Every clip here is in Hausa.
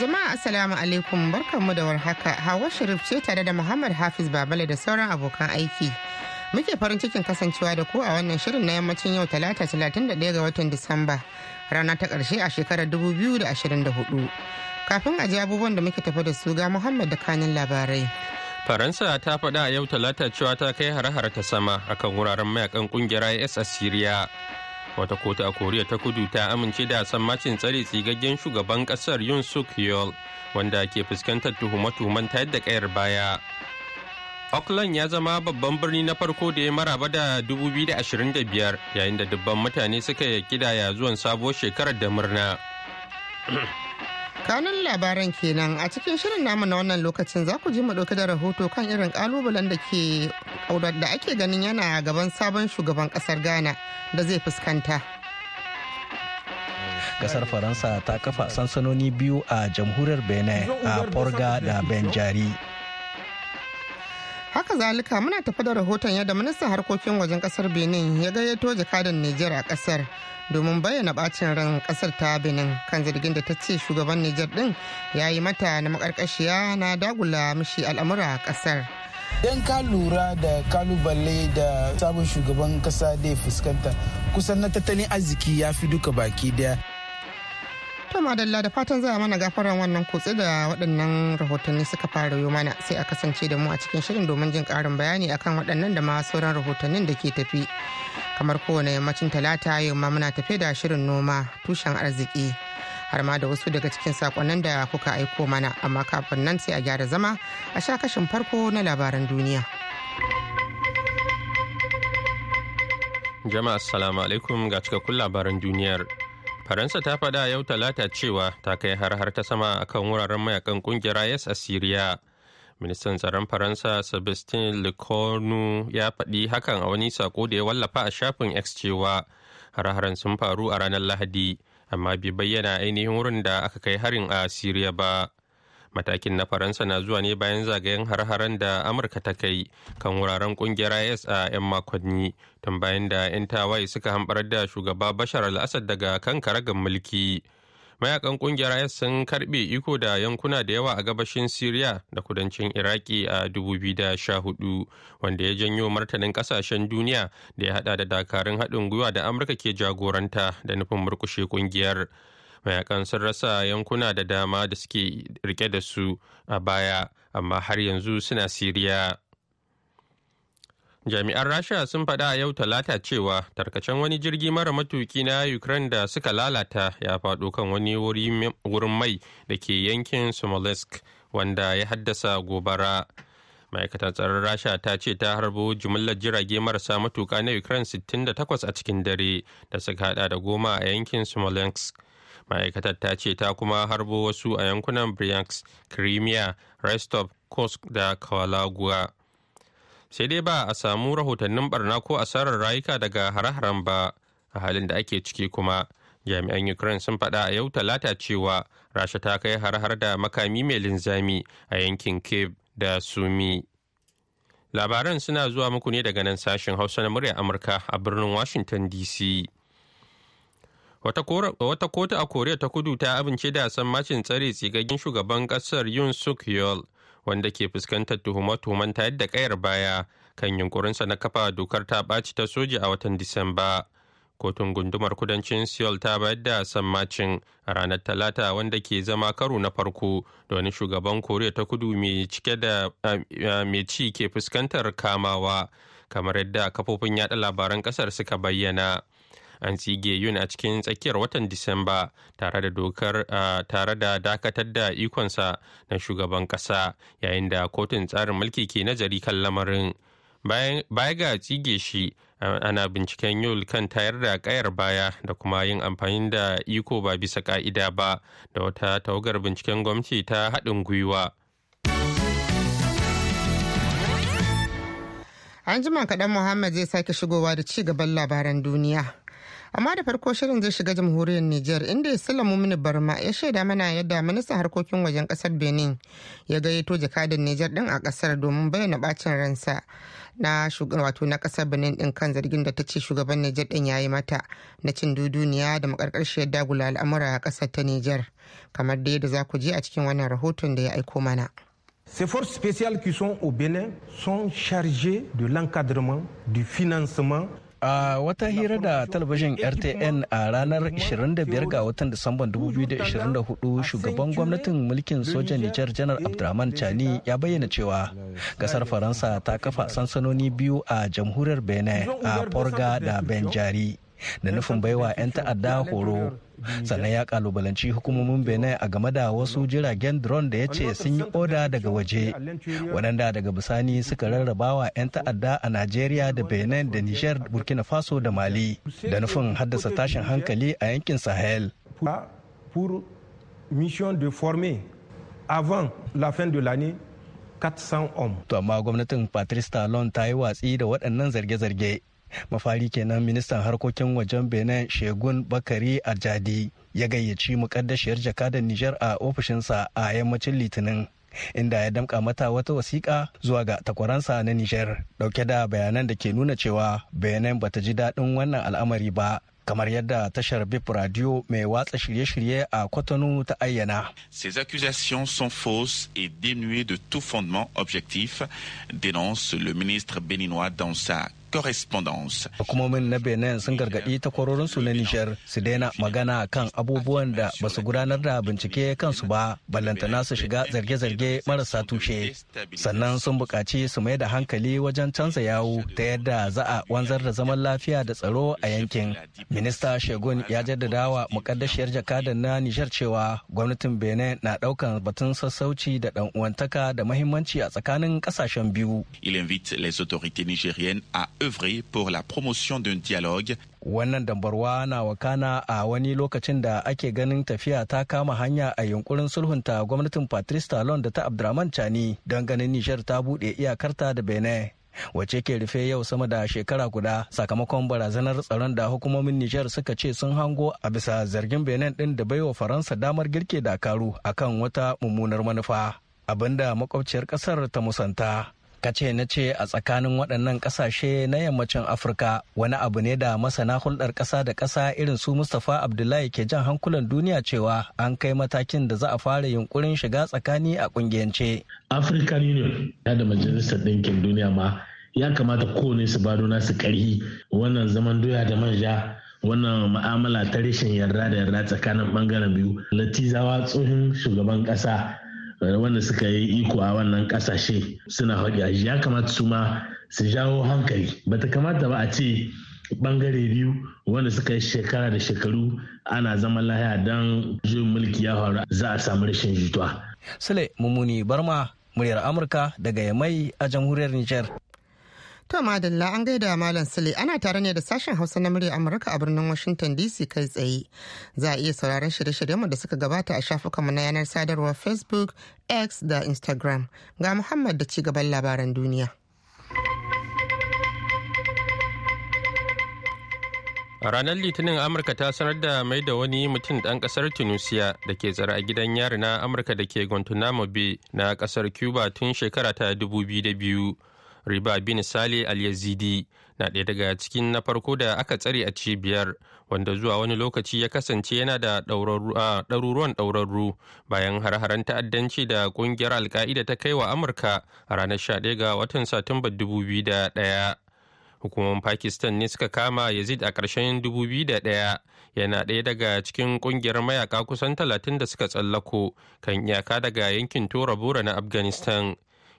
Jama'a Assalamu alaikum barkanmu da warhaka Hawa Sharif ce tare da Muhammad Hafiz Babale da sauran abokan aiki. Muke farin cikin kasancewa da ku a wannan shirin na yammacin yau talata 31 ga watan Disamba rana ta ƙarshe a shekarar 2024. Kafin a ji abubuwan da muke tafi da su ga Muhammad da kanin labarai. Faransa ta faɗa a yau talata cewa ta kai hare-hare ta sama akan wuraren mayakan ƙungiyar IS a Syria. wata kotu a koriya ta kudu ta amince da sammacin tsare tsigaggen shugaban kasar yun suk yol wanda ke fuskantar tuhume-tuhumen ta yadda kayar baya auckland ya zama babban birni na farko da ya maraba da 2025 yayin da dubban mutane suka yi kidaya zuwan sabuwar shekarar da murna kanun labaran kenan a cikin shirin namu na wannan lokacin za ku ji mu dauke da rahoto kan irin kalubalen da ke ƙaurar da ake ganin yana gaban sabon shugaban kasar ghana da zai fuskanta kasar faransa ta kafa sansanoni biyu a jamhuriyar benin a porga da benjari haka zalika muna tafi da rahoton yadda ministan harkokin wajen kasar benin ya gayyato jakadan nijar a kasar domin bayyana bacin ran kasar ta benin kan zargin da ta ce shugaban nijar din ya yi mata na makarkashiya na dagula mishi al'amura a kasar idan ka lura da kalubale da sabon shugaban kasa da fuskanta kusan na tattalin arziki ya fi duka baki daya to madalla da fatan za a mana gafaran wannan kutse da waɗannan rahotanni suka fara yi mana sai a kasance da mu a cikin shirin domin jin ƙarin bayani akan waɗannan da ma sauran rahotannin da ke tafi kamar kowane yammacin talata yau ma muna tafe da shirin noma tushen arziki har ma da wasu daga cikin sakonnin da kuka aiko mana amma kafin nan sai a gyara zama a sha kashin farko na labaran duniya. Jama'a assalamu alaikum ga cikakkun labaran duniyar. Faransa ta faɗa yau talata cewa ta kai har har ta sama akan wuraren mayakan kungiyar IS a Siriya. Ministan tsaron Faransa Sebastien Lecornu ya faɗi hakan a wani sako da ya wallafa a shafin X cewa har-haren sun faru a ranar Lahadi. amma bai bayyana ainihin wurin da aka kai harin a siriya ba matakin na faransa na zuwa ne bayan zagayen har-haren da amurka ta kai kan wuraren kungiyar is a 'yan makonni tun bayan da 'yan tawaye suka hambarar da shugaba bashar al-assad daga kan karagar mulki mayakan kungiyar is sun karbe iko da yankuna da yawa a gabashin syria da kudancin iraki a 2014 wanda ya janyo martanin kasashen duniya da ya hada da dakarun haɗin gwiwa da amurka ke jagoranta da nufin murkushe kungiyar mayakan sun rasa yankuna da dama da suke rike da su a baya amma har yanzu suna siriya Jami'an Rasha sun faɗa a yau talata cewa tarkacen wani jirgi mara matuki na Ukraine da suka lalata ya faɗo kan wani wurin mai da ke yankin Smolensk wanda ya haddasa gobara. Ma'aikatar tsaron Rasha ta ce ta harbo jimillar jirage marasa matuka na Ukraine 68 a cikin dare da suka hada da goma a yankin Smolensk. Ma'aikatar ta ce ta kuma harbo wasu a yankunan Bryansk, Crimea, Rostov, Kursk da Kawalaguwa. sai dai ba a samu rahotannin barna ko asarar rayuka daga hare-haren ba a halin da ake ciki kuma jami'an ukraine sun faɗa a yau talata cewa rasha ta kai har-har da makami mai linzami a yankin cape da sumi labaran suna zuwa muku ne daga nan sashen hausa na murya amurka a birnin washington dc wata kotu a koriya ta kudu ta amince da sammacin tsare tsigaggen shugaban kasar yun suk yol wanda ke fuskantar tuhume-tuhumen ta yadda kayar baya kan yunkurinsa na kafa dokar ta ɓaci ta soja a watan Disamba. Kotun gundumar kudancin Seoul ta bayar da sammacin a ranar Talata wanda ke zama karo na farko da shugaban Koriya ta kudu mai cike da eh, mai ci ke fuskantar kamawa kamar yadda kafofin yada labaran kasar suka bayyana. an tsige yun a cikin tsakiyar watan disamba tare da dokar tare da dakatar da ikonsa na shugaban kasa yayin da kotun tsarin mulki ke nazari kan lamarin baya ga tsige shi ana binciken yul kan tayar da kayar baya da kuma yin amfani da iko ba bisa ka'ida ba da wata tawagar binciken gwamnati ta haɗin gwiwa. An jima kaɗan Muhammad zai sake shigowa da ci gaban labaran duniya. amma da farko shirin zai shiga jamhuriyar niger inda ya salamu mini barma ya shaida mana yadda ministan harkokin wajen kasar benin ya gayyato jakadan niger din a kasar domin bayyana bacin ransa na wato na kasar benin din kan zargin da ta ce shugaban niger din ya yi mata na cin duduniya da makarkarshiyar dagula al'amura a kasar ta niger kamar da yadda za ku je a cikin wannan rahoton da ya aiko mana. Ces forces spéciales qui sont au Bénin sont chargées de l'encadrement, du financement a wata hira da talabijin rtn a ranar 25 ga watan disamban 2024 shugaban gwamnatin mulkin sojan nijar janar abdurrahman chani ya bayyana cewa kasar faransa ta kafa sansanoni biyu a jamhuriyar benin a porga da benjari da nufin baiwa 'yan ta'adda horo sannan ya kalubalanci hukumomin benin a game da wasu jiragen drone da ya ce sun yi oda daga waje waɗanda daga bisani suka rarrabawa 'yan ta'adda a nigeria da benin da niger burkina faso da mali da nufin haddasa tashin hankali a yankin sahel pour mission de former avant la fin de l'année 400 hommes. To amma gwamnatin Patrice Talon ta yi watsi da waɗannan zarge-zarge mafari kenan ministan harkokin wajen benin shegun bakari a jadi ya gayyaci mukaddashiyar jakadan nijar a ofishinsa a yammacin litinin inda ya damka mata wata wasiƙa zuwa ga takwaransa na nijar dauke da bayanan da ke nuna cewa benin bata ji daɗin wannan al'amari ba kamar yadda tashar bip radio mai watsa shirye-shirye a kwatano ta ayyana. Ces accusations sont fausses et dénuées de tout fondement objectif, dénonce le ministre béninois dans sa correspondance. Hukumomin na Benin sun gargaɗi takwarorinsu na Nijar su daina magana kan abubuwan da ba su gudanar da bincike kansu ba, ballantana su shiga zarge-zarge marasa tushe. Sannan sun buƙaci su mai da hankali wajen canza yawo ta yadda za a wanzar da zaman lafiya da tsaro a yankin. Minista Shegun ya jaddada wa mukaddashiyar jakadan na Nijar cewa gwamnatin Benin na ɗaukan batun sassauci da ɗan uwantaka da mahimmanci a tsakanin ƙasashen biyu. Il invite les autorités nigériennes à œuvrer pour la promotion d'un dialogue wannan dambarwa na wakana a wani lokacin da ake ganin tafiya ta kama hanya a yunkurin sulhunta gwamnatin patrice talon da ta abdurrahman chani don ganin nijar ta buɗe iyakarta da benin wace ke rufe yau sama da shekara guda sakamakon barazanar tsaron da hukumomin nijar suka ce sun hango a bisa zargin benin ɗin da baiwa faransa damar girke dakaru akan wata mummunar manufa abinda makwabciyar ƙasar ta musanta kace na ce a tsakanin waɗannan ƙasashe na yammacin afirka wani abu ne da masana hulɗar ƙasa da ƙasa irin su mustapha abdullahi ke jan hankulan duniya cewa an kai matakin da za a fara yunkurin shiga tsakani a ƙungiyance african union ya da majalisar ɗinkin duniya ma ya kamata kowane su ba bado su ƙarhi wannan zaman doya da manja wannan ma'amala ta rashin yarda da yarda tsakanin ɓangaren biyu latizawa tsohon shugaban ƙasa wanda suka yi iko a wannan kasashe suna haƙi ya kamata su ma su jawo hankali ba ta kamata ba a ce bangare biyu wanda suka yi shekara da shekaru ana zama lahiya don juyin mulki ya faru za a samu rashin jituwa. Sule Mummuni Barma muryar Amurka daga Yamai a jamhuriyar Nijar. To madalla an gaida Malam Sule ana tare ne da sashen Hausa na murya Amurka a birnin Washington DC kai tsaye. Za a iya sauraron shirye-shiryenmu da suka gabata a shafukanmu na yanar sadarwar Facebook, X da Instagram. Ga Muhammad da ci gaban labaran duniya. A ranar Litinin Amurka ta sanar da mai da wani mutum ɗan ƙasar Tunisia da ke tsare a gidan yari na Amurka da ke Guantanamo Bay na ƙasar Cuba tun shekara ta 2002. riba bin sale al-yazidi na ɗaya daga cikin na farko da aka tsare a cibiyar wanda zuwa wani lokaci ya kasance yana da ɗaruruwan ɗaurarru bayan har-haren ta'addanci da ƙungiyar alka'ida ta kai wa amurka a ranar 11 ga watan satumba 2001 hukumomin pakistan ne suka kama yazid a ƙarshen 2001 yana ɗaya daga cikin ƙungiyar mayaka kusan 30 da suka tsallako kan iyaka daga yankin tora bora na afghanistan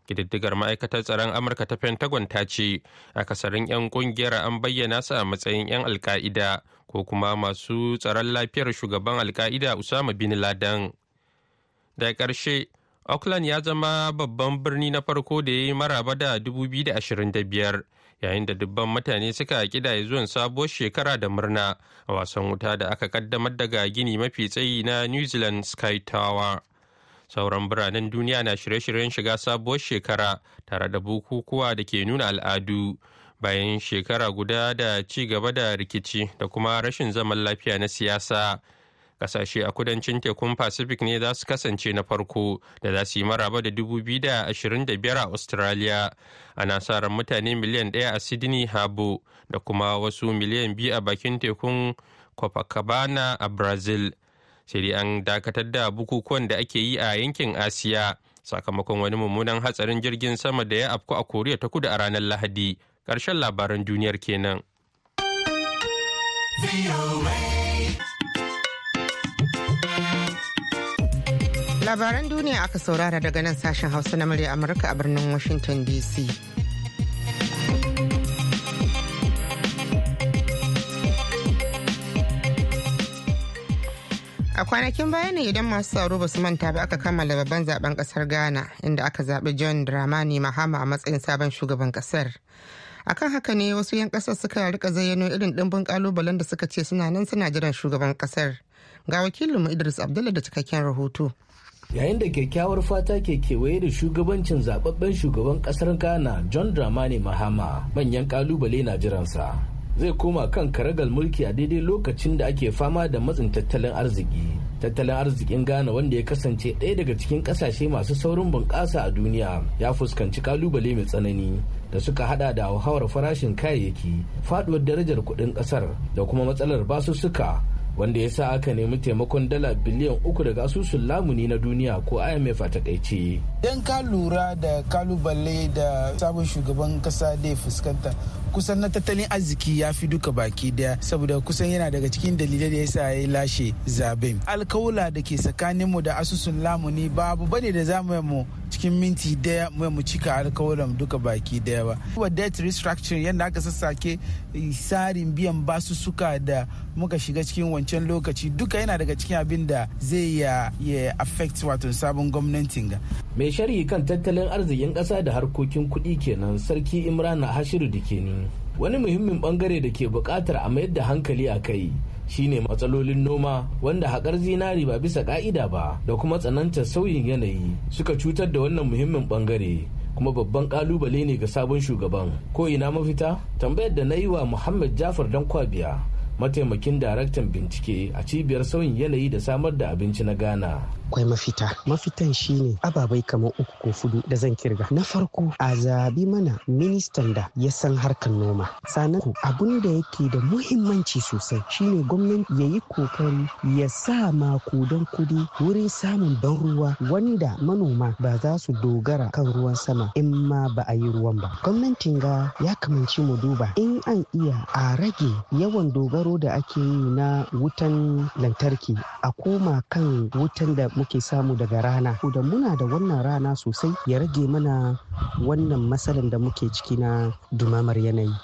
kididdigar ma'aikatar tsaron Amurka ta Pentagon ta ce, a akasarin 'yan ƙungiyar an bayyana su a matsayin 'yan alka'ida ko kuma masu tsaron lafiyar shugaban alka'ida Usama bin Laden. Da ƙarshe, Auckland ya zama babban birni na farko da ya yi maraba da 2025. yayin da dubban mutane suka kidaye zuwan sabuwar shekara da murna a wasan wuta da aka kaddamar daga gini mafi tsayi na new zealand sky tower sauran biranen duniya na shirye-shiryen shiga sabuwar shekara tare da bukukuwa da ke nuna al'adu bayan shekara guda da ci gaba da rikici da kuma rashin zaman lafiya na siyasa kasashe a kudancin tekun pacific ne za su kasance na farko da za su yi maraba da 2025 a australia ana sa ran mutane miliyan daya a sydney harbour da kuma wasu miliyan biyu a bakin tekun copacabana a brazil sai an dakatar da bukukuwan da ake yi a yankin asiya sakamakon wani mummunan hatsarin jirgin sama da ya afku a koriya ta kudu a ranar lahadi karshen labaran duniyar kenan. labaran duniya aka saurara daga nan sashen hausa na murya amurka a birnin washington dc a kwanakin baya ne idan masu tsaro ba su manta ba aka kammala babban zaben kasar ghana inda aka zaɓi john dramani mahama a matsayin sabon shugaban kasar akan haka ne wasu 'yan kasar suka rika zayyano irin dimbin kalubalen da suka ce suna nan suna jiran shugaban kasar ga wakilinmu idris abdulla da cikakken rahoto yayin da kyakkyawar fata ke kewaye da shugabancin zababben shugaban kasar ghana john dramani mahama manyan kalubale na jiransa zai koma kan karagal mulki a daidai lokacin da ake fama da matsin tattalin arziki tattalin arzikin ghana wanda ya kasance ɗaya daga cikin ƙasashe masu saurin bunƙasa a duniya ya fuskanci kalubale mai tsanani da suka hada da hauhawar farashin kayayyaki faduwar darajar kuɗin ƙasar da kuma matsalar basussuka wanda ya sa aka nemi taimakon dala biliyan uku daga asusun lamuni na duniya ko imf a takaice. idan ka lura da kalubale da sabon shugaban kasa da fuskanta kusan na tattalin arziki ya fi duka baki daya saboda kusan yana daga cikin dalilai da yasa ya lashe zaben alkawula da ke tsakaninmu da asusun lamuni babu bane da za mu cikin minti daya mai mu cika alkawalan duka baki daya ba. Kuma debt restructuring yadda aka sassake tsarin biyan basussuka da muka shiga cikin wancan lokaci duka yana daga cikin abin da zai ya affect wato sabon gwamnatin ga. Mai sharhi kan tattalin arzikin ƙasa da harkokin kuɗi kenan sarki Imran Hashiru Dikeni wani muhimmin bangare da ke bukatar a mayar da hankali a kai shine matsalolin noma wanda haƙar zinari ba bisa ƙa'ida ba da kuma tsanantar sauyin yanayi suka cutar da wannan muhimmin bangare kuma babban ƙalubale ne ga sabon shugaban ko ina mafita tambayar da na yi wa muhammad jafar dan kwabiya mataimakin daraktan bincike a cibiyar sauyin yanayi da samar da abinci na ghana akwai mafita mafitan shine ababai kamar uku ko fudu da zan kirga na farko a zabi mana ministan da ya san harkar noma sannan abun da yake da muhimmanci sosai shine gwamnati ya yi kokari ya sa don kudi wurin samun ban ruwa wanda manoma ba za su dogara kan ruwan sama in ma ba a yi ruwan ba gwamnatin ga ya kamanci mu duba in an iya a rage yawan dogaro da ake yi na wutan lantarki a koma kan wutan da muke samu daga rana da muna da wannan rana sosai ya rage mana wannan matsalar da muke ciki na dumamar yanayi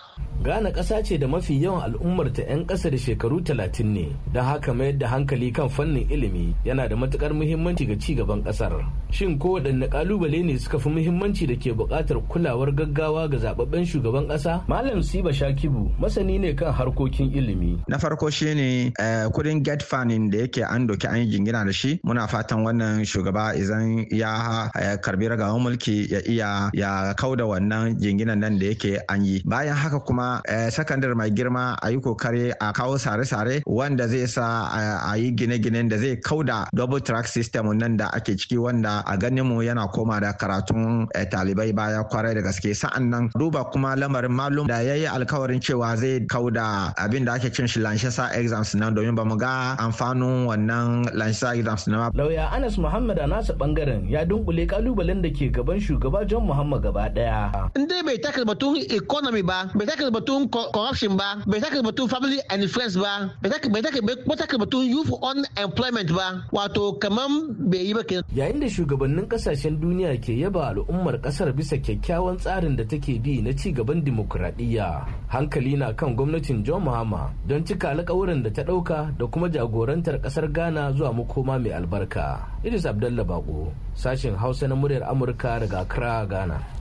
Ghana ƙasa ce da mafi yawan al'ummarta 'yan ƙasa da shekaru talatin ne, don haka mayar da hankali kan fannin ilimi yana da matuƙar muhimmanci ga ci gaban ƙasar. Shin ko waɗanne ƙalubale ne suka fi muhimmanci da ke buƙatar kulawar gaggawa ga zababben shugaban ƙasa? Malam Siba Shakibu masani ne kan harkokin ilimi. Na farko shi ne eh, kudin get funding da yake an doki an yi jingina da shi. Muna fatan wannan shugaba idan ya eh, karbi ragawar mulki ya iya ya kauda wannan jinginan nan da yake an yi. Bayan haka kuma eh, sakandar mai girma a yi kokari a kawo sare-sare wanda zai sa eh, a yi gine-ginen da zai kau da double track system nan da ake ciki wanda a ganin mu yana koma da karatun eh, talibai baya kwarai da gaske sa'an nan duba kuma lamarin malum da ya yi alkawarin cewa zai da abin da ake cin shi lanshasa exams nan domin ba mu ga amfanin wannan lanshasa exams na lauya anas muhammad a nasa bangaren ya dunkule kalubalen da ke gaban shugaba john muhammad gaba daya in dai bai takalma tun economy ba bai saka batun corruption ba bai saka batun family and friends ba bai saka batun youth unemployment ba wato kamar bai yi ba ke. yayin da shugabannin kasashen duniya ke yaba al'ummar kasar bisa kyakkyawan tsarin da take bi na ci gaban dimokuraɗiyya hankali na kan gwamnatin john mahama don cika alƙawuran da ta ɗauka da kuma jagorantar ƙasar ghana zuwa makoma mai albarka idris abdallah bako sashen hausa na muryar amurka daga accra ghana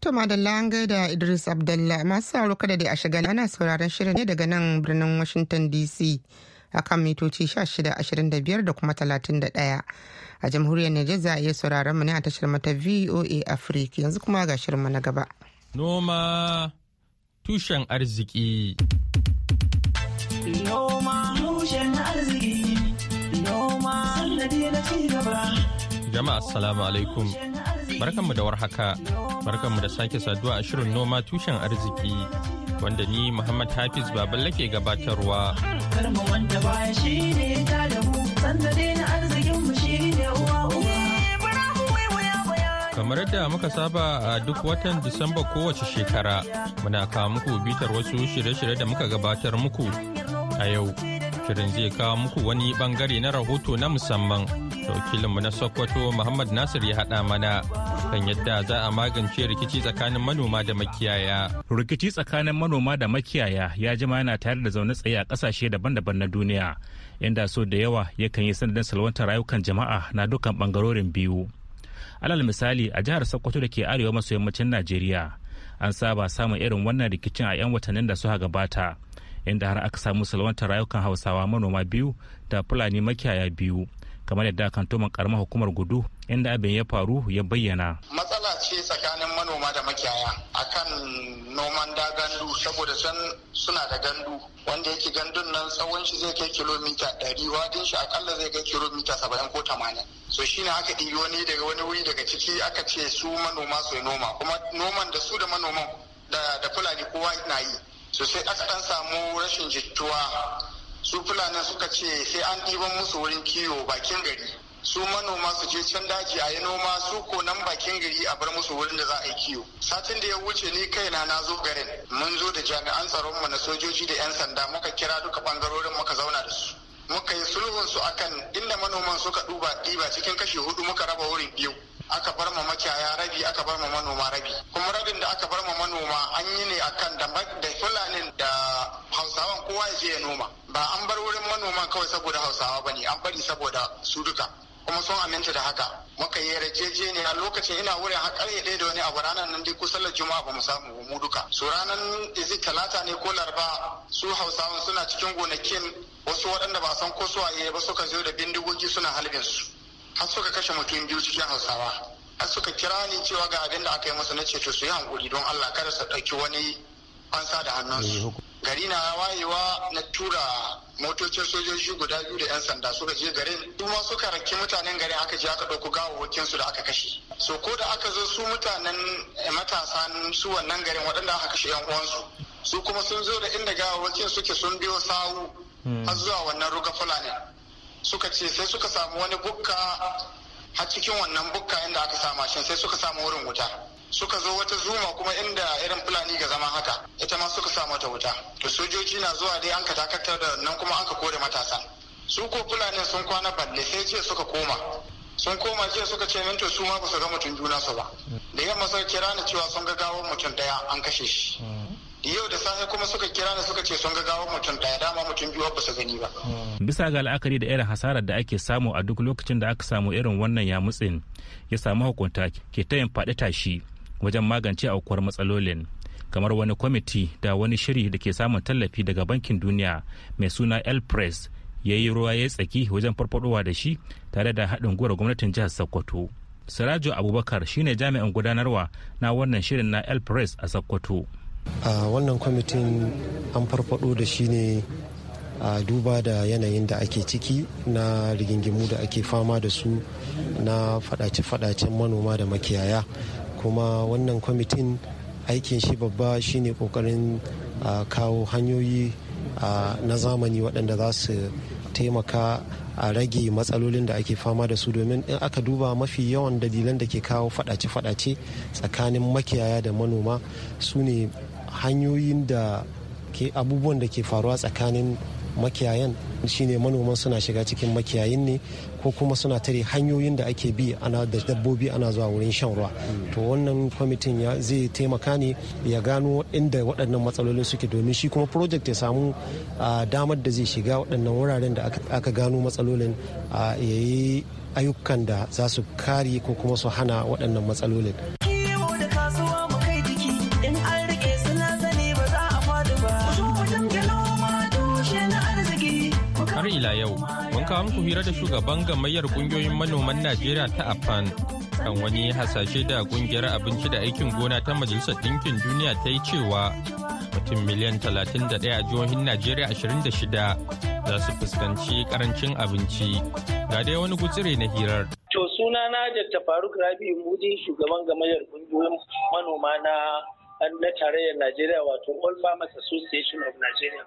To madalla an gaida Idris Abdullah masu sauraro kada dai a shiga ana sauraron shirin ne daga nan birnin Washington DC akan mitoci 16-25 da kuma 31. A jamhuriyar Nijar za a iya sauraron mu ne a tashar mata VOA Africa yanzu kuma ga shirin mu na gaba. Noma tushen arziki. Noma tushen arziki. Noma sannadi na ci gaba. Jama'a assalamu alaikum. Barkanmu da warhaka, barkanmu da sake saduwa a shirin noma tushen arziki wanda ni Muhammad Hafiz Baballe ke gabatarwa. kamar da Kamar muka saba a duk watan Disamba kowace shekara, muna kawo muku bitar wasu shirye-shirye da muka gabatar muku a yau. Shirin zai kawo muku wani bangare na rahoto na musamman da wakilinmu na Sokoto Muhammad Nasir ya haɗa mana kan yadda za a magance rikici tsakanin manoma da makiyaya. Rikici tsakanin manoma da makiyaya ya jima yana tare da zaune tsaye a kasashe daban-daban na duniya, inda so da yawa yakan yi sanadin salwantar rayukan jama'a na dukkan bangarorin biyu. Alal misali a jihar Sokoto da ke arewa maso yammacin Najeriya, an saba samun irin wannan rikicin a 'yan watannin da suka gabata, inda har aka samu salwantar rayukan Hausawa manoma biyu da Fulani makiyaya biyu. kamar yadda kantoman karamar hukumar gudu inda abin ya faru ya bayyana matsala ce tsakanin manoma da makiyaya akan noman da gandu saboda san suna da gandu wanda yake gandun nan tsawon shi zai kai kilomita ɗari wadin shi akalla zai kai kilomita saba'in ko tamanin so ne aka ɗibi wani daga wani wuri daga ciki aka ce su manoma su noma kuma noman da su da manoman da fulani kowa na yi sosai aka ɗan samu rashin jituwa su fulani suka ce sai an ɗiban musu wurin kiwo bakin gari su manoma su je can daji a yi noma su ko nan bakin gari a bar musu wurin da za a yi kiwo satin da ya wuce ni kaina na zo garin mun zo da jami'an tsaron mu na sojoji da 'yan sanda muka kira duka bangarorin muka zauna da su muka yi sulhun su akan inda manoman suka duba ɗiba cikin kashi hudu muka raba wurin biyu aka bar ma makiyaya rabi aka bar ma manoma rabi kuma rabin da aka bar ma manoma an yi ne akan da da fulanin da hausawan kowa ya je ya noma ba an bar wurin manoman kawai saboda hausawa bane an bari saboda su duka kuma sun aminta da haka muka yi yarjejeniya lokacin ina wurin har ƙarfe ɗaya da wani abu ranar nan dai kusan juma'a ba mu samu mu duka su ranar izi talata ne ko Larba su hausawan suna cikin gonakin wasu waɗanda ba san ko suwaye ba suka zo da bindigogi suna halbin su har suka kashe mutum biyu cikin hausawa har suka kira ni cewa ga abin da aka yi masa na ce ceto su yi hankuri don allah kada su ɗauki wani fansa da hannunsu gari na wayewa na tura motocin sojoji guda biyu da 'yan sanda suka je garin kuma suka raki mutanen garin aka je aka ɗauko su da aka kashe so ko da aka zo su mutanen eh, matasa su wannan garin waɗanda aka kashe 'yan uwansu su kuma sun zo da inda gawawakin suke sun biyo sawu hmm. har zuwa wannan ruga fulani suka ce sai suka samu wani bukka har cikin wannan bukka inda aka sa mashin sai suka samu wurin wuta suka zo wata zuma kuma inda irin fulani ga zama haka ita ma suka sa wata wuta to sojoji na zuwa dai an ka takatar da nan kuma an ka kore matasan su ko fulani sun kwana balle sai jiya suka koma sun koma jiya suka ce minto su ma ba su ga mutum juna su ba da yamma suka kira ni cewa sun ga gawar mutum daya an kashe shi hmm. yau da safe kuma suka kira ni suka ce sun ga gawo mutum daya dama mutum biyu ba su gani ba bisa ga la'akari da irin hasarar da ake samu a duk lokacin da aka samu irin wannan ya mutsin ya samu hukunta ke ta yin faɗi tashi wajen magance aukuwar matsalolin kamar wani kwamiti da wani shiri da ke samun tallafi daga bankin duniya mai suna el press ya yi ruwa ya tsaki wajen farfadowa da shi tare da haɗin gwiwar gwamnatin jihar sokoto sirajo abubakar shine jami'in gudanarwa na wannan shirin na el press a sokoto a wannan kwamitin an farfado da shi ne a duba da yanayin da ake ciki na rigingimu da ake fama da su na fadace-fadacen manoma da makiyaya kuma wannan kwamitin aikin shi babba shine kokarin kawo hanyoyi na zamani waɗanda za su taimaka a rage matsalolin da ake fama da su domin in aka duba mafi yawan dalilan da ke kawo fadace-fadace tsakanin makiyaya da manoma su ne hanyoyin da ke abubuwan da ke faruwa tsakanin makiyayan shine manoman suna shiga cikin makiyayin ne ko kuma suna tare hanyoyin da ake bi ana da dabbobi ana zuwa wurin shan ruwa to wannan kwamitin ya zai taimaka ne ya gano inda waɗannan matsaloli suke domin shi kuma project ya samu damar da zai shiga waɗannan wuraren da aka gano matsalolin a yayi ayyukan da za su kare ko kuma su hana waɗannan matsalolin kawo ku hira da shugaban gamayyar kungiyoyin manoman Najeriya ta AFAN kan wani hasashe da kungiyar abinci da aikin gona ta Majalisar Dinkin Duniya ta yi cewa mutum miliyan 31 a jihohin Najeriya 26 za su fuskanci karancin abinci. Ga dai wani gutsire na hirar. To suna na Dr. Faruk Rabi Mudi shugaban gamayyar kungiyoyin manoma na na tarayyar Najeriya wato All Farmers Association of Nigeria.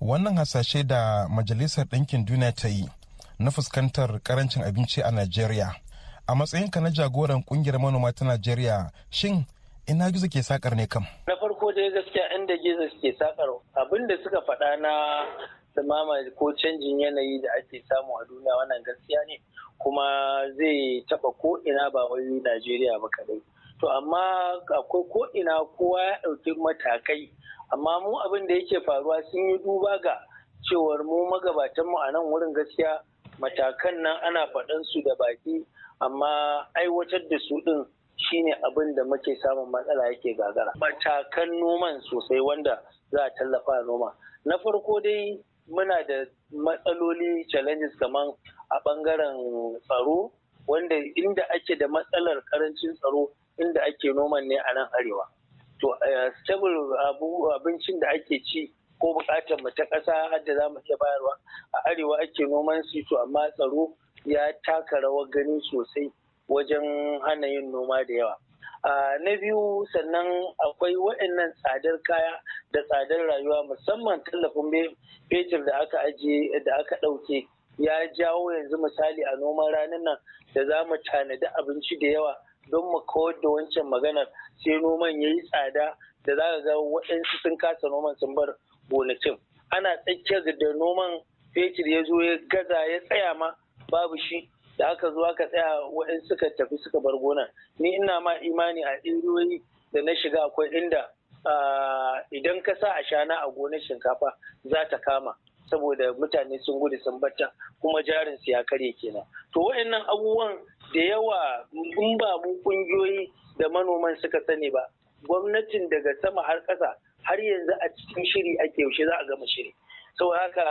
wannan hasashe da majalisar ɗinkin duniya ta yi na fuskantar karancin abinci a najeriya a matsayinka na jagoran kungiyar manoma ta najeriya shin ina gizo ke sakar ne kam na farko dai gaskiya inda gizo ke sakar abin da suka faɗa na samama ko canjin yanayi da ake samu a duniya wannan gaskiya ne kuma zai taɓa ko ina ba wai najeriya ba kadai to amma akwai ko ina kowa ya ɗauki matakai amma mu abin da yake faruwa sun yi duba ga cewar mu mu a nan wurin gaskiya matakan nan ana faɗan su da baki amma aiwatar da su ɗin shine abin da muke samun matsala yake gagara matakan noman sosai wanda za a tallafa noma na farko dai muna da matsaloli challenges kamar a ɓangaren tsaro wanda inda ake da matsalar karancin tsaro inda ake noman ne a nan arewa to eh, stable abincin da ake ci ko bukatar mu ta ƙasa har za mu iya bayarwa a arewa ake noman su to amma tsaro ya taka rawar gani sosai wajen hana yin noma da yawa na biyu sannan akwai waɗannan tsadar kaya da tsadar rayuwa musamman tallafin fetur da aka ajiye da aka ɗauke ya jawo yanzu misali a noman ranar nan da za mu tanadi abinci da yawa don mu kawar da wancan maganar sai noman ya yi tsada da za ka ga waɗansu sun kasa noman sun bar gonakin ana tsakiyar da noman fetur ya zo ya gaza ya tsaya ma babu shi da aka zo aka tsaya waɗansu suka tafi suka bar gonar ni ina ma imani a iriyoyi da na shiga akwai inda idan ka sa a shana a gonar shinkafa za ta kama saboda mutane sun gudu sun bata kuma jarin su ya karye kenan to waɗannan abubuwan da yawa in ba mu kungiyoyi da manoman suka sani ba gwamnatin daga sama har ƙasa har yanzu a cikin shiri ake yaushe za a gama shiri sau haka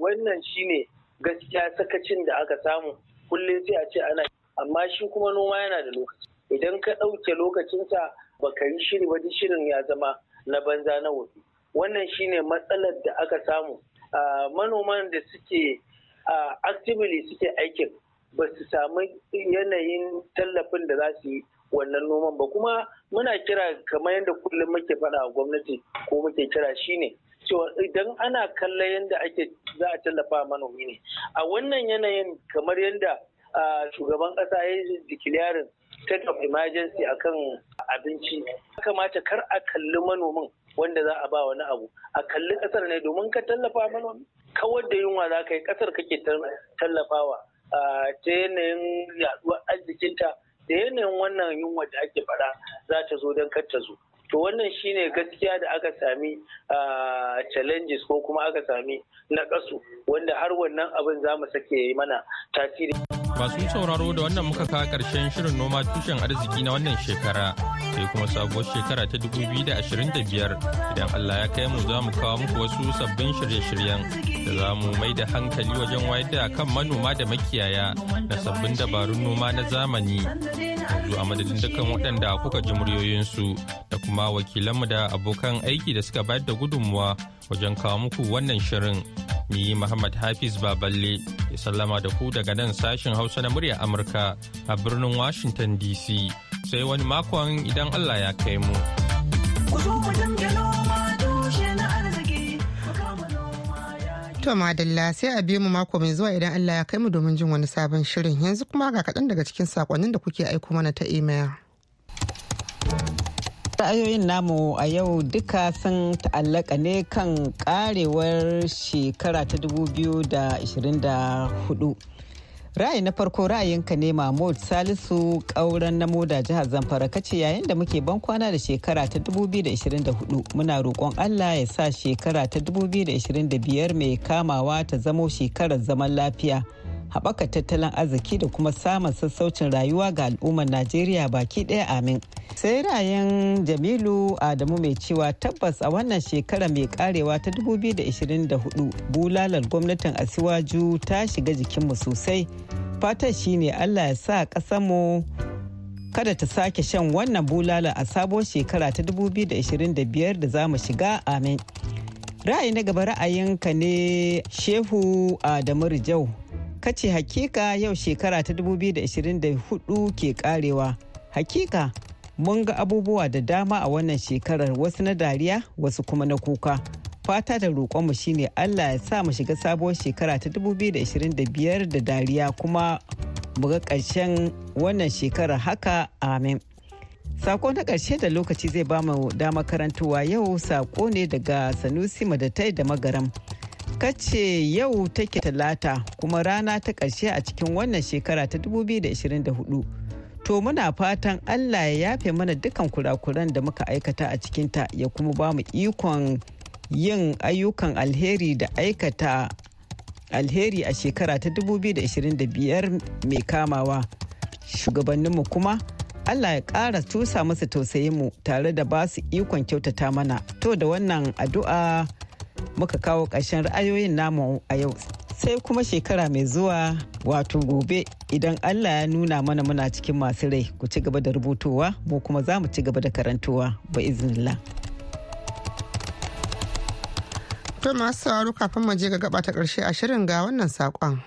wannan shine gaskiya sakacin da aka samu kullum sai a ce ana amma shi kuma noma yana da lokaci idan ka ɗauke lokacinsa ba ka yi shiri ba duk shirin ya zama na banza na wasu wannan shine matsalar da aka samu ah, manoman da suke ah, actively suke aikin ba su samu yanayin tallafin da za su yi wannan noman ba kuma muna kira kamar yadda kullum muke faɗa a gwamnati ko muke kira shine cewa idan ana kallon yadda ake za a tallafa manomi ne a wannan yanayin kamar yadda shugaban ƙasa ya yi dikiliyarin state of emergency akan abinci kamata kar a kalli manomin wanda za a ba wani abu a kalli ƙasar ne domin ka tallafa manomi kawar da yunwa za ka yi ƙasar kake tallafawa ta yanayin yaduwar arzikinta da yanayin wannan yunwa da ake fara za ta zo don kar ta zo to wannan shine gaskiya da aka sami challenges ko kuma aka sami na wanda har wannan abin za mu sake mana tasiri. Masu sauraro da wannan muka kawo ƙarshen shirin noma tushen arziki na wannan shekara sai kuma sabuwar shekara ta 2025 idan Allah ya kai mu za mu kawo muku wasu sabbin shirye-shiryen da za mu mai da hankali wajen wayar da kan manoma da makiyaya na sabbin dabarun noma na zamani. Yanzu a madadin dukkan waɗanda kuka ji muryoyinsu da kuma wakilanmu da abokan aiki da suka bayar da gudunmuwa wajen kawo muku wannan shirin. Ni Muhammad Hafiz Baballe ya sallama da ku daga nan sashen Hausa na murya Amurka a birnin Washington DC sai wani makon idan Allah ya kai mu. To madalla sai a biyu mu mako mai zuwa idan Allah ya kai mu domin jin wani sabon shirin yanzu kuma ga kaɗan daga cikin sakonnin da kuke aiko mana ta email. ra'ayoyin namu a yau duka sun ta'allaka ne kan karewar shekara ta 2024 Ra'ayi na farko ra'ayinka ne Mahmud Salisu ƙauren na moda jihar Zamfara kace yayin da muke ban kwana da shekara ta 2024 muna roƙon Allah ya sa shekara ta 2025 mai kamawa ta zamo shekarar zaman lafiya. haɓaka tattalin arziki da kuma samun sassaucin rayuwa ga al'ummar najeriya baki ɗaya amin sai rayan jamilu adamu mai cewa tabbas a wannan shekara mai karewa ta 2024 bulalar gwamnatin asiwaju ta shiga jikinmu sosai fatar shine allah ya sa ƙasarmu kada ta sake shan wannan bulalar a sabon shekara ta 2025 da za mu shiga amin ra'ayi na gaba ra'ayinka ne shehu adamu rijau kace hakika yau shekara ta 2024 ke karewa hakika mun ga abubuwa da dama a wannan shekarar wasu na dariya wasu kuma na kuka fata da roƙonmu shine allah ya sa mu shiga sabuwar shekara ta 2025 da dariya kuma mu ga ƙarshen wannan shekarar haka amin sako na ƙarshe da lokaci zai ba mu dama karantuwa yau sako ne daga sanusi madatai da magaram kace yau take talata kuma rana ta ƙarshe a cikin wannan shekara ta 2024 to muna fatan allah ya yafe mana dukkan kurakuran da muka aikata a cikinta ya kuma ba mu ikon yin ayyukan alheri da aikata alheri a shekara ta 2025 mai kamawa shugabanninmu kuma Allah ya ƙara tusa musu tausayinmu tare da ba su ikon kyautata mana to da wannan addu'a muka kawo ƙarshen ra'ayoyin namu a yau sai kuma shekara mai zuwa wato gobe idan allah ya nuna mana muna cikin masu rai ku ci gaba da rubutowa mu kuma za mu ci gaba da karantowa ba iznillah to masu sauraro kafin mu je ga gaba ta karshe a shirin ga wannan saƙon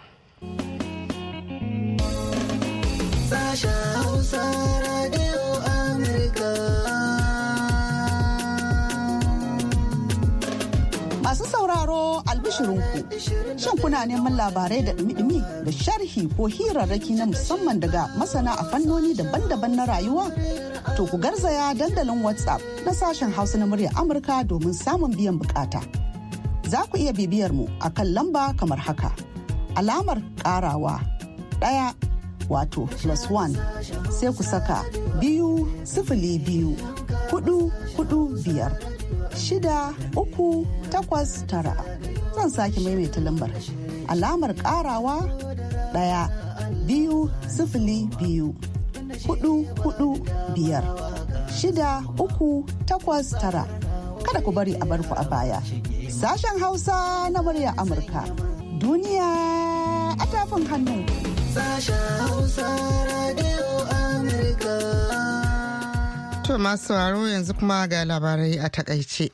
shirinku shan kuna neman labarai da ɗumi da sharhi ko hirarraki na musamman daga masana a fannoni daban-daban na rayuwa to ku garzaya dandalin whatsapp na sashen hausa na murya amurka domin samun biyan bukata za ku iya bibiyar mu a kan lamba kamar haka alamar karawa ɗaya wato plus one sai ku saka biyu sifili biyu hudu hudu biyar shida uku takwas tara zan sake maimaita lambar alamar karawa daya biyu sifili biyu hudu hudu biyar shida uku takwas tara kada ku bari a barku a baya sashen hausa na murya amurka duniya a tafin hannu to masu yanzu kuma ga labarai a takaice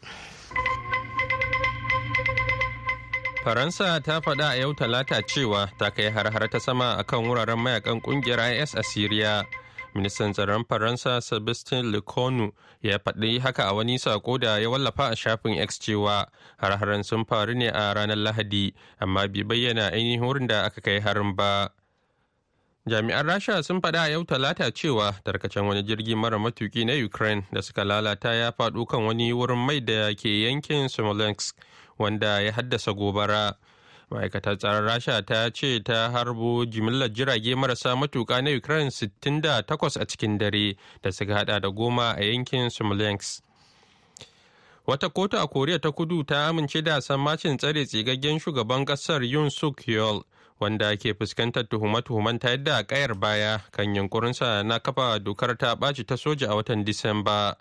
Faransa ta faɗa a yau talata cewa ta kai har-har ta sama akan wuraren mayakan kungiyar IS a syria Ministan tsaron Faransa Sebastien Lecornu ya faɗi haka a wani sako da ya wallafa a shafin X cewa har-haren sun faru ne a ranar Lahadi, amma bai bayyana ainihin wurin da aka kai harin ba. jami'an rasha sun faɗa a yau talata cewa tarkacen wani jirgi mara matuki na ukraine da suka lalata ya faɗo kan wani wurin mai da ke yankin smolensk wanda ya haddasa gobara ma'aikatar tsaron rasha ta ce ta harbo jimillar jirage marasa matuka na ukraine takwas a cikin dare da suka hada da goma a yankin smolensk wata kotu a koriya ta kudu ta amince da sammacin tsare tsigaggen shugaban kasar yun suk yol wanda ke fuskantar tuhume-tuhumen ta yadda kayar baya kan yunkurinsa na kafa dokar ta ɓaci ta soja a watan disamba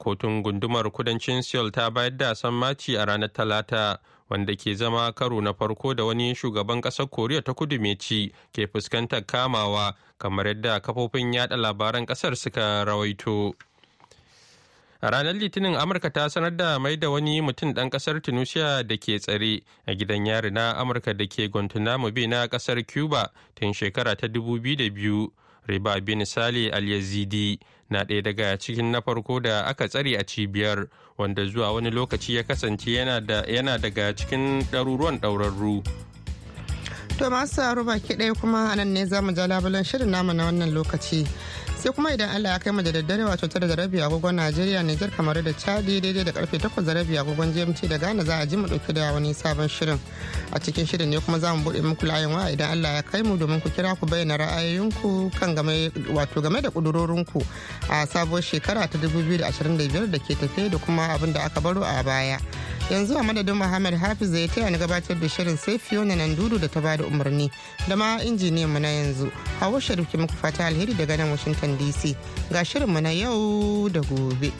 kotun gundumar kudancin seoul ta bayar da sammaci a ranar talata wanda ke zama karo na farko da wani shugaban ƙasar koriya ta kudu mai ci ke fuskantar kamawa kamar yadda kafofin yada labaran ƙasar suka rawaito a ranar litinin amurka ta sanar da mai da wani mutum ɗan ƙasar tunisia da ke tsare a gidan yari na amurka da ke mu bay na ƙasar cuba tun shekara ta 2002 riba bin sale al-yazidi na ɗaya daga cikin na farko da aka tsare a cibiyar wanda zuwa wani lokaci ya kasance yana daga cikin ɗaruruwan ɗaurarru to masu ruba baki ɗaya kuma anan ne za mu ja labulen shirin namu na wannan lokaci sai kuma idan Allah ya kai mu da daddare wato ta da rabi agogon Najeriya Niger kamar da Chadi daidai da karfe 8 da rabi agogon GMT da Ghana za a ji mu dauke da wani sabon shirin a cikin shirin ne kuma za mu bude muku layin waya idan Allah ya kai mu domin ku kira ku bayyana ra'ayoyinku kan game wato game da kudurorinku a sabuwar shekara ta 2025 da ke tafe da kuma abin da aka baro a baya yanzu a madadin Muhammad Hafiz zai taya ni gabatar da shirin sai nan dudu da ta bada umarni da ma injiniyan mu na yanzu Hawa Sharif muku fata alheri daga nan Washington washington dc ga shirinmu na yau da gobe.